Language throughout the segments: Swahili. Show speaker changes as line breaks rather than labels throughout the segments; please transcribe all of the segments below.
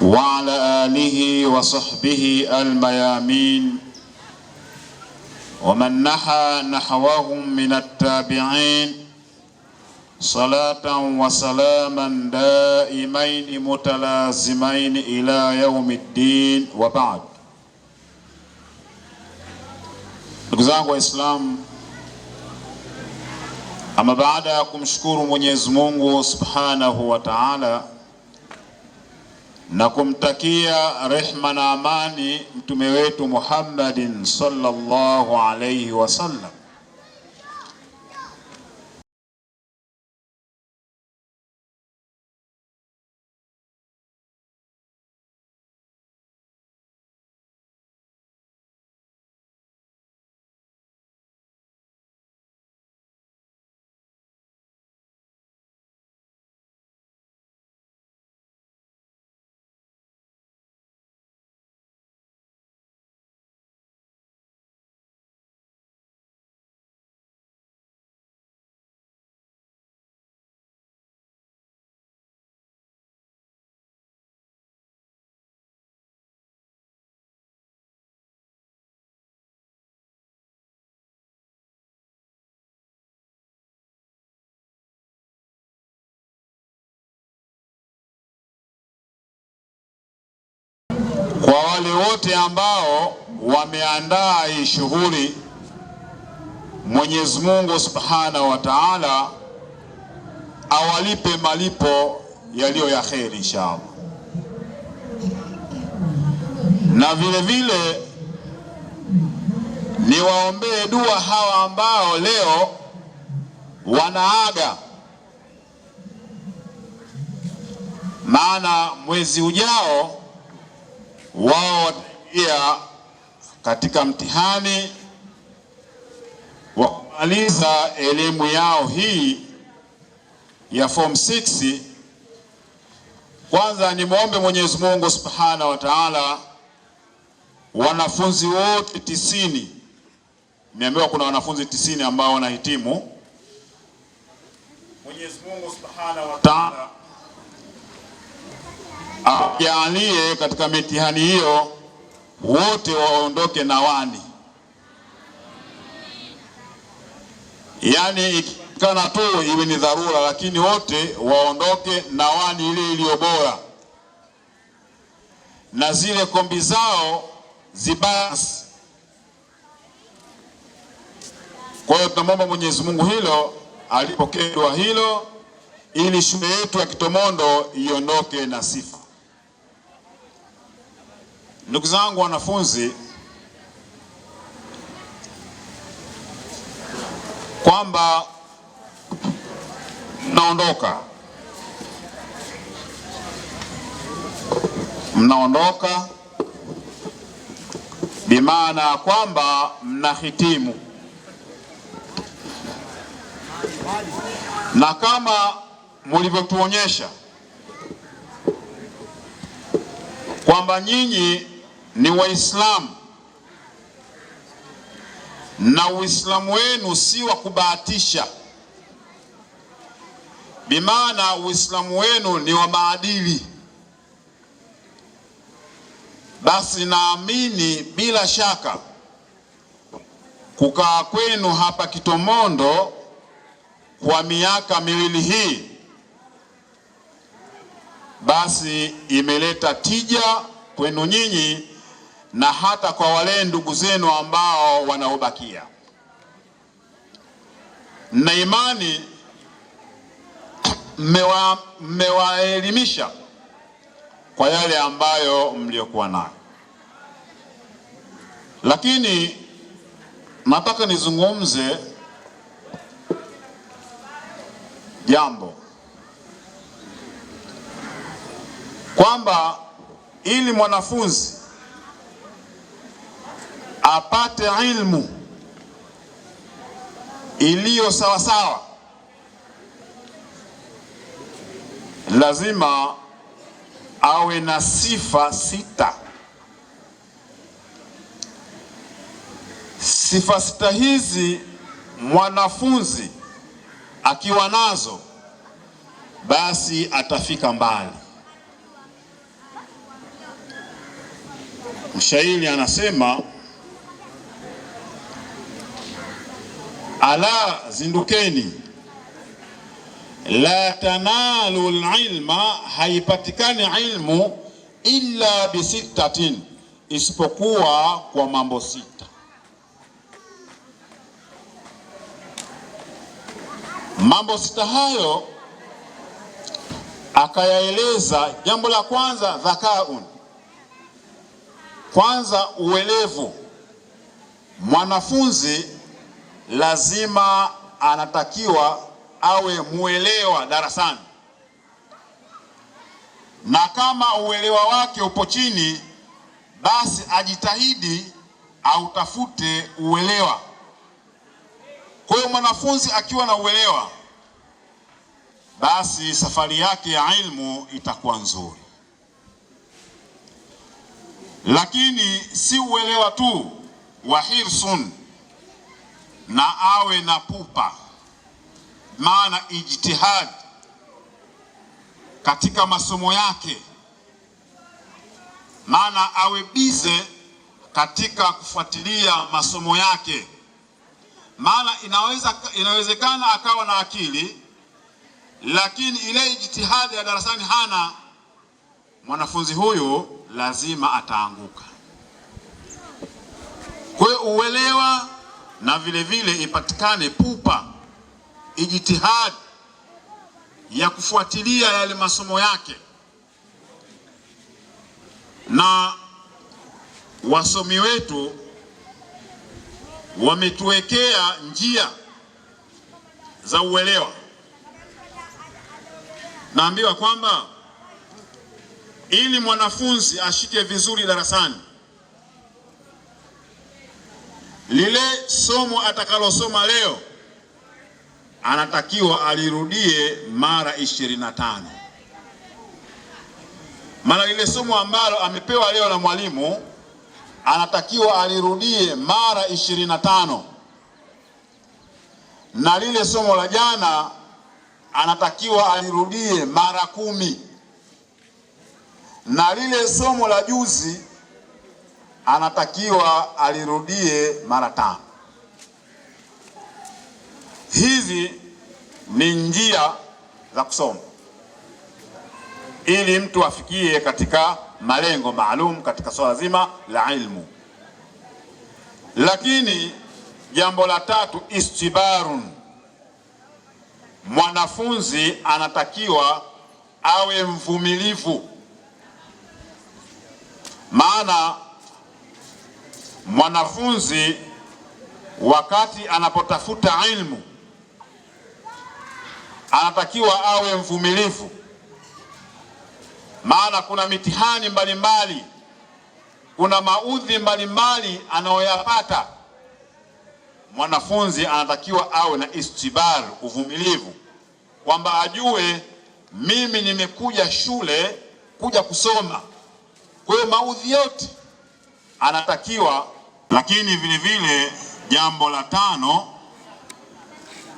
وعلى آله وصحبه الميامين ومن نحى نحوهم من التابعين صلاة وسلاما دائمين متلازمين إلى يوم الدين وبعد Ndugu zangu أما ama baada ya kumshukuru Mwenyezi Mungu Subhanahu wa Ta'ala na kumtakia rehma na amani mtume wetu Muhammadin sallallahu alayhi wasallam. wote ambao wameandaa hii shughuli, Mwenyezi Mungu Subhanahu wa Ta'ala awalipe malipo yaliyo ya kheri inshallah. Na vile vile niwaombee dua hawa ambao leo wanaaga, maana mwezi ujao wao wataingia katika mtihani wa kumaliza elimu yao hii ya form 6. Kwanza nimwombe Mwenyezi Mungu Subhanahu wa Ta'ala, wanafunzi wote tisini, niambiwa kuna wanafunzi tisini ambao wanahitimu. Mwenyezi Mungu Subhanahu wa Ta'ala apyaanie katika mitihani hiyo, wote waondoke na wani. Yaani ikikana tu iwe ni dharura, lakini wote waondoke na wani ile iliyo bora, na zile kombi zao zibasi Kwa hiyo tunamwomba Mwenyezi Mungu hilo alipokewa hilo, ili shule yetu ya Kitomondo iondoke na sifa. Ndugu zangu wanafunzi, kwamba mnaondoka, mnaondoka bimaana ya kwamba mnahitimu, na kama mulivyotuonyesha kwamba nyinyi ni Waislamu na Uislamu wenu si wa kubahatisha, bimaana Uislamu wenu ni wa maadili. Basi naamini bila shaka kukaa kwenu hapa Kitomondo kwa miaka miwili hii, basi imeleta tija kwenu nyinyi na hata kwa wale ndugu zenu ambao wanaobakia, na imani mmewaelimisha kwa yale ambayo mliokuwa nayo, lakini nataka nizungumze jambo kwamba ili mwanafunzi apate ilmu iliyo sawasawa, lazima awe na sifa sita. Sifa sita hizi mwanafunzi akiwa nazo, basi atafika mbali. Mshairi anasema Ala, zindukeni. La tanalu lilma, haipatikani ilmu illa bisittatin, isipokuwa kwa mambo sita. Mambo sita hayo akayaeleza. Jambo la kwanza, dhakaun, kwanza uelevu. Mwanafunzi lazima anatakiwa awe mwelewa darasani, na kama uelewa wake upo chini, basi ajitahidi autafute uelewa. Kwa hiyo mwanafunzi akiwa na uelewa, basi safari yake ya ilmu itakuwa nzuri. Lakini si uelewa tu wa hirsun na awe na pupa, maana ijtihadi katika masomo yake, maana awe bize katika kufuatilia masomo yake, maana inaweza inawezekana akawa na akili lakini ile ijtihadi ya darasani hana, mwanafunzi huyu lazima ataanguka. Kwa hiyo uelewa na vile vile ipatikane pupa ijitihadi ya kufuatilia yale masomo yake na wasomi wetu wametuwekea njia za uelewa. Naambiwa kwamba ili mwanafunzi ashike vizuri darasani lile somo atakalosoma leo anatakiwa alirudie mara ishirini na tano maana lile somo ambalo amepewa leo na mwalimu anatakiwa alirudie mara ishirini na tano na lile somo la jana anatakiwa alirudie mara kumi na lile somo la juzi anatakiwa alirudie mara tano. Hizi ni njia za kusoma ili mtu afikie katika malengo maalum katika swala zima la ilmu. Lakini jambo la tatu, istibarun, mwanafunzi anatakiwa awe mvumilivu, maana mwanafunzi wakati anapotafuta ilmu anatakiwa awe mvumilivu, maana kuna mitihani mbalimbali mbali, kuna maudhi mbalimbali anayoyapata mwanafunzi. Anatakiwa awe na istibar, uvumilivu, kwamba ajue mimi nimekuja shule kuja kusoma, kwa hiyo maudhi yote anatakiwa lakini vile vile jambo la tano,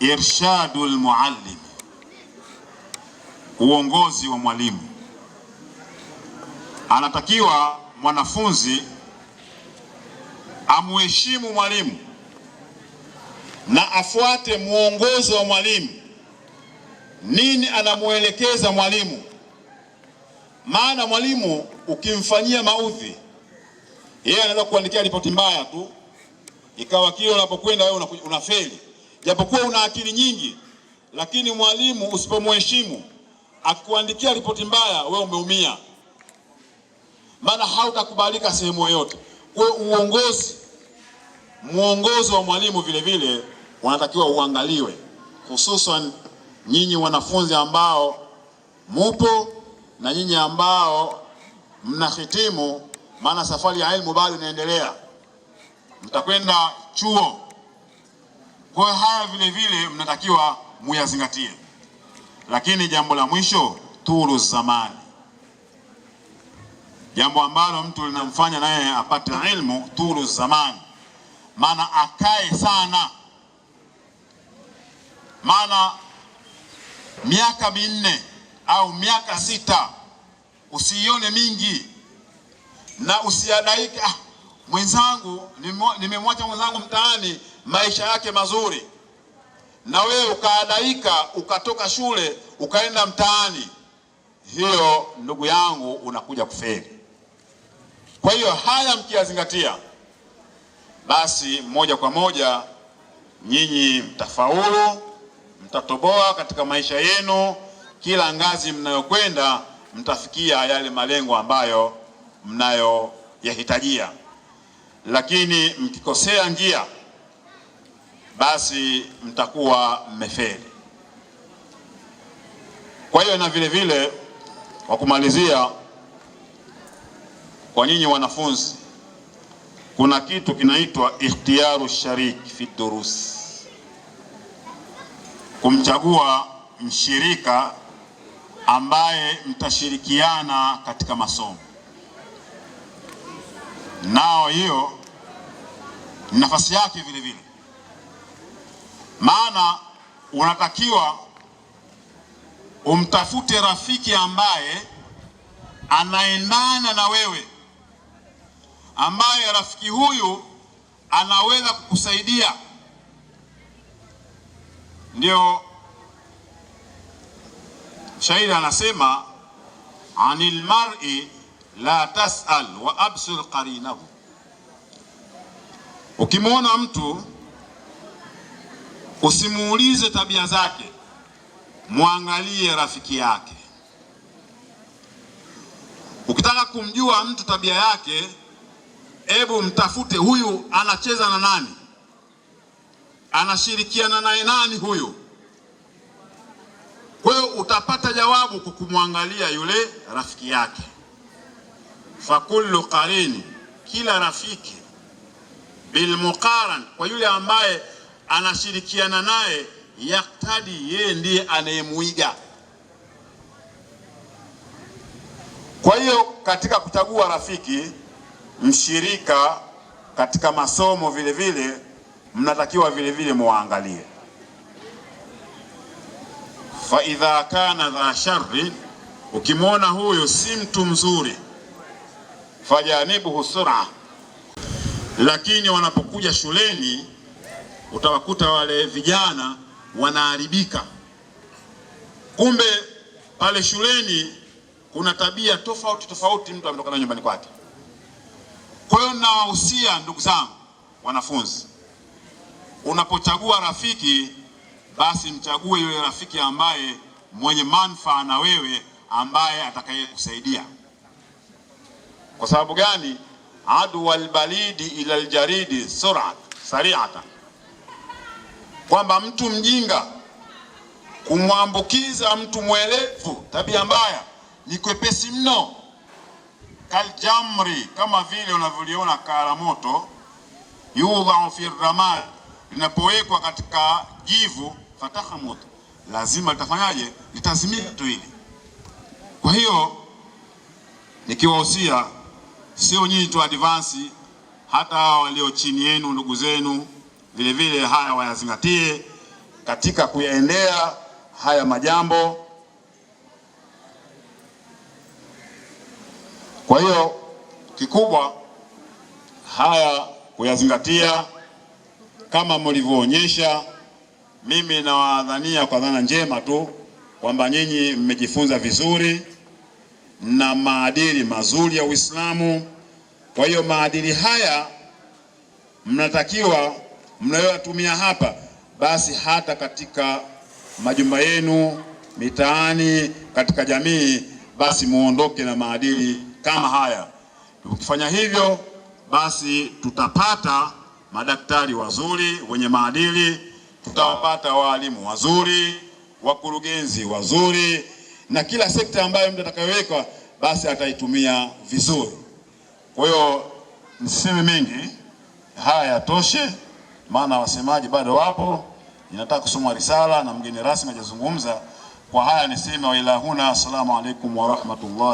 irshadul muallim, uongozi wa mwalimu. Anatakiwa mwanafunzi amuheshimu mwalimu na afuate mwongozo wa mwalimu. Nini anamwelekeza mwalimu? Maana mwalimu ukimfanyia maudhi yeye anaweza kuandikia ripoti mbaya tu ikawa kile unapokwenda wewe unafeli, japokuwa una akili nyingi, lakini mwalimu usipomheshimu akikuandikia ripoti mbaya, wewe umeumia, maana hautakubalika sehemu yoyote. Kwa uongozi, muongozo wa mwalimu vile vile wanatakiwa uangaliwe, hususan nyinyi wanafunzi ambao mupo na nyinyi ambao mnahitimu maana safari ya elimu bado inaendelea, mtakwenda chuo. Kwa hiyo haya vile vile mnatakiwa muyazingatie. Lakini jambo la mwisho, turu zamani, jambo ambalo mtu linamfanya naye apate elimu, turu zamani, maana akae sana, maana miaka minne au miaka sita usiione mingi na usiadaike, ah, mwenzangu nimemwacha mwenzangu mtaani maisha yake mazuri, na wewe ukaadaika ukatoka shule ukaenda mtaani, hiyo ndugu yangu unakuja kufeli. Kwa hiyo haya mkiyazingatia, basi moja kwa moja nyinyi mtafaulu, mtatoboa katika maisha yenu, kila ngazi mnayokwenda mtafikia yale malengo ambayo mnayoyahitajia, lakini mkikosea njia, basi mtakuwa mmefeli. Kwa hiyo na vile vile, kwa kumalizia, kwa nyinyi wanafunzi, kuna kitu kinaitwa ikhtiyaru shariki fi durusi, kumchagua mshirika ambaye mtashirikiana katika masomo nao hiyo ni nafasi yake vile vile, maana unatakiwa umtafute rafiki ambaye anaendana na wewe, ambaye rafiki huyu anaweza kukusaidia. Ndio shairi anasema anil mar'i la tasal wa absur qarinahu, ukimwona mtu usimuulize tabia zake, mwangalie rafiki yake. Ukitaka kumjua mtu tabia yake, hebu mtafute huyu anacheza na nani, anashirikiana naye nani huyu. Kwa hiyo utapata jawabu kwa kumwangalia yule rafiki yake fakullu qarini, kila rafiki bilmuqaran, kwa yule ambaye anashirikiana naye yaktadi, yeye ndiye anayemuiga. Kwa hiyo katika kuchagua rafiki mshirika katika masomo vile vile mnatakiwa vile vile muangalie, fa idha kana dha sharri, ukimwona huyo si mtu mzuri fajanibuhu sura. Lakini wanapokuja shuleni utawakuta wale vijana wanaharibika. Kumbe pale shuleni kuna tabia tofauti tofauti mtu ametoka nayo nyumbani kwake. Kwa hiyo nawahusia ndugu zangu wanafunzi, unapochagua rafiki basi mchague yule rafiki ambaye mwenye manufaa na wewe, ambaye atakayekusaidia. Kwa sababu gani? adu walbalidi ila ljaridi surat sariatan, kwamba mtu mjinga kumwambukiza mtu mwelevu tabia mbaya ni kwepesi mno. Kaljamri, kama vile unavyoliona kala moto yudhau fi ramal, linapowekwa katika jivu fataha moto lazima litafanyaje? Litazimia tu hili. Kwa hiyo nikiwahusia sio nyinyi tu advance, hata hawa walio chini yenu, ndugu zenu vile vile, haya wayazingatie katika kuyaendea haya majambo. Kwa hiyo kikubwa haya kuyazingatia, kama mlivyoonyesha. Mimi nawadhania kwa dhana njema tu kwamba nyinyi mmejifunza vizuri na maadili mazuri ya Uislamu. Kwa hiyo maadili haya mnatakiwa mnayoyatumia hapa, basi hata katika majumba yenu, mitaani, katika jamii, basi muondoke na maadili kama haya. Tukifanya hivyo, basi tutapata madaktari wazuri wenye maadili, tutawapata waalimu wazuri, wakurugenzi wazuri na kila sekta ambayo mtu atakayowekwa basi ataitumia vizuri. Kwa hiyo msiseme mengi, haya yatoshe, maana wasemaji bado wapo. Ninataka kusoma risala na mgeni rasmi hajazungumza. Kwa haya niseme wailahuna, assalamu alaikum rahmatullah.